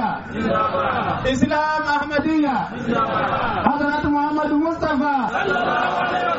ahmadiyya islam ahmadiyya hadrat muhammad mustafa sallallahu alaihi wasallam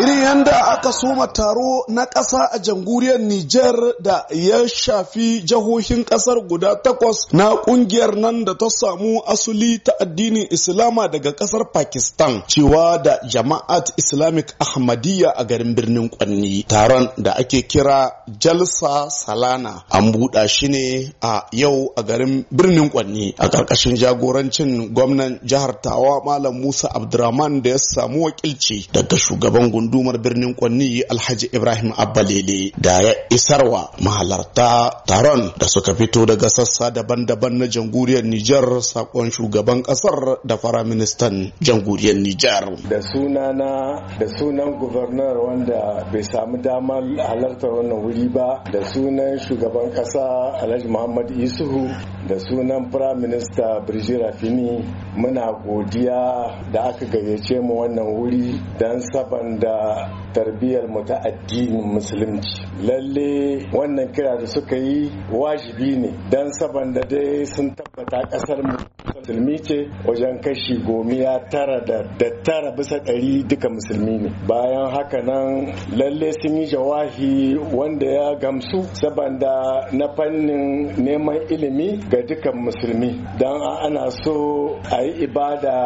irin yadda aka soma taro na ƙasa a jamhuriyar Nijar da ya shafi jihohin ƙasar guda takwas na ƙungiyar nan da ta samu asuli ta addinin Islama daga ƙasar Pakistan cewa da Jama'at Islamic Ahmadiyya a garin birnin Kwanni taron da ake kira Jalsa Salana an buɗa shi ne a yau a garin birnin Kwanni a ƙarƙashin jagorancin gwamnan jihar Tawa Malam Musa Abdulrahman da ya samu wakilci daga shugaban gundu gundumar birnin Kwanni Alhaji Ibrahim Abbalele da ya isarwa mahalarta taron da suka fito daga sassa daban-daban na janguriyar Nijar sakon shugaban kasar da fara ministan janguriyar Nijar. Da sunana da sunan gubernar wanda bai samu damar halartar wannan wuri ba da sunan shugaban kasa Alhaji Muhammad Isuhu da sunan firaminista Birjira Fini muna godiya da aka gayyace mu wannan wuri don saban da tarbiyyar mu ta addinin musulunci lalle wannan kira da suka yi wajibi ne don saboda dai sun tabbata kasar mu musulmi ce wajen kashi gomiya tara da tara bisa ɗari duka musulmi ne bayan haka nan lalle sun yi jawahi wanda ya gamsu saboda na fannin neman ilimi ga dukan musulmi don ana so a yi ibada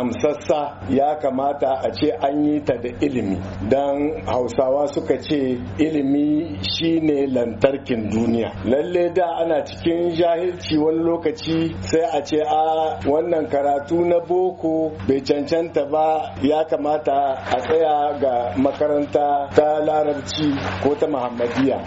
amsassa ya kamata a ce an yi ta da ilimi ilimi dan hausawa suka ce ilimi shine lantarkin duniya lalle da ana cikin jahilci wani lokaci sai a ce a wannan karatu na boko bai cancanta ba ya kamata a tsaya ga makaranta ta larabci ko ta muhammadiya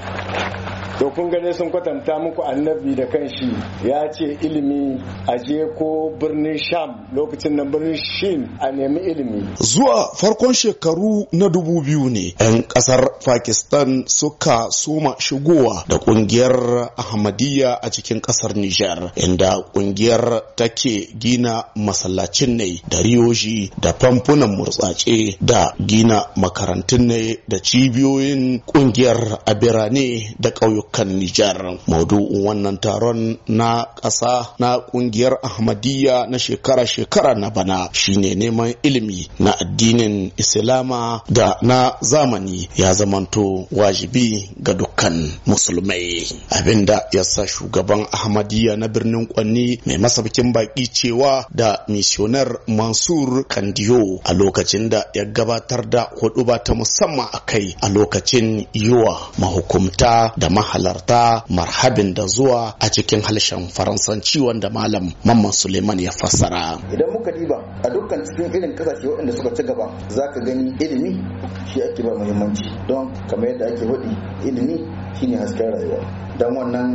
to kun gane sun kwatanta muku annabi da kanshi ya ce ilimi a je ko birnin sham lokacin nan birnin shin a nemi ilimi zuwa farkon shekaru na dubu biyu ne 'yan kasar pakistan suka soma shigowa da kungiyar ahmadiyya a cikin kasar niger inda kungiyar take gina masallacin ne da riyoji da famfunan murtsace da gina makarantun ne da cibiyoyin kungiyar a birane da ƙauyuka kan Nijar. Maudu'in wannan taron na ƙasa na ƙungiyar Ahmadiyya na shekara-shekara na bana shine neman ilimi na addinin Islama da na zamani ya zamanto wajibi ga dukkan musulmai. Abinda ya sa shugaban Ahmadiyya na birnin Kwanni mai masabkin baki cewa da misionar Mansur Kandiyo a lokacin da ya gabatar da hudu ba ta musamman a kai a lokacin yiwa mahukumta da mahal halarta marhabin da zuwa a cikin halshen faransanci wanda malam mamman suleiman ya fassara idan muka diba a dukkan cikin irin kasashe waɗanda suka ci gaba za ka gani ilimi shi ake ba muhimmanci don kamar yadda ake waɗi ilimi shine hasken rayuwa don wannan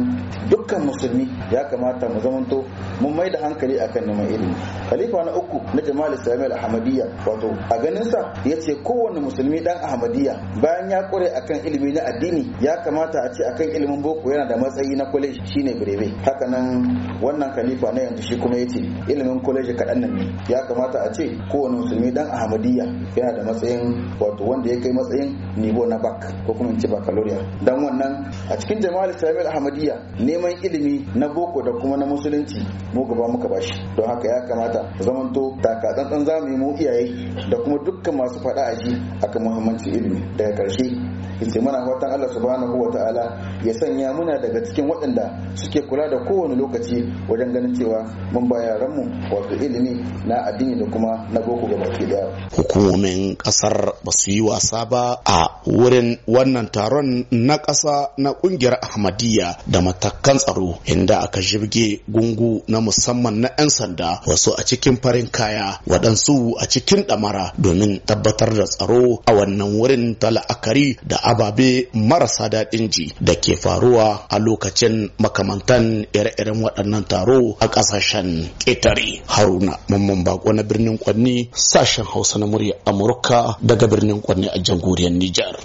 dukkan musulmi ya kamata mu zamanto mun mai da hankali akan neman ilimi khalifa na uku na jama'al ahmadiyya wato a ganin sa yace kowanne musulmi dan ahmadiyya bayan ya kure akan ilimi na addini ya kamata a ce akan ilimin boko yana da matsayi na college shine birebe hakanan wannan khalifa na yanzu shi kuma yace ilimin college kaɗan nan ne ya kamata a ce kowanne musulmi dan ahmadiyya yana da matsayin wato wanda ya kai matsayin nibo na bak ko kuma in ce bakaloriya. dan wannan a cikin jama'al ahmadiyya neman ilimi na boko da kuma na musulunci mu gaba muka bashi don haka ya kamata zamanto za mu yi mu iyaye da kuma dukkan masu faɗa a ji akan muhimmancin ilimi daga ƙarshe yace muna fatan Allah subhanahu wa ta'ala ya sanya muna daga cikin waɗanda suke kula da kowane lokaci wajen ganin cewa mun ba mu wato ilimi na addini da kuma na boko gaba ke da hukumomin kasar ba su yi wasa ba a wurin wannan taron na ƙasa na ƙungiyar Ahmadiyya da matakan tsaro inda aka jirge gungu na na musamman na 'yan sanda wasu a cikin farin kaya waɗansu a cikin ɗamara domin tabbatar da tsaro a wannan wurin ta la'akari da ababe marasa daɗin ji da ke faruwa a lokacin makamantan ire-iren waɗannan taro a ƙasashen ƙetare haruna mamman bako na birnin kwanni sashen hausa na murya amurka daga birnin kwanni a jamhuriyar nijar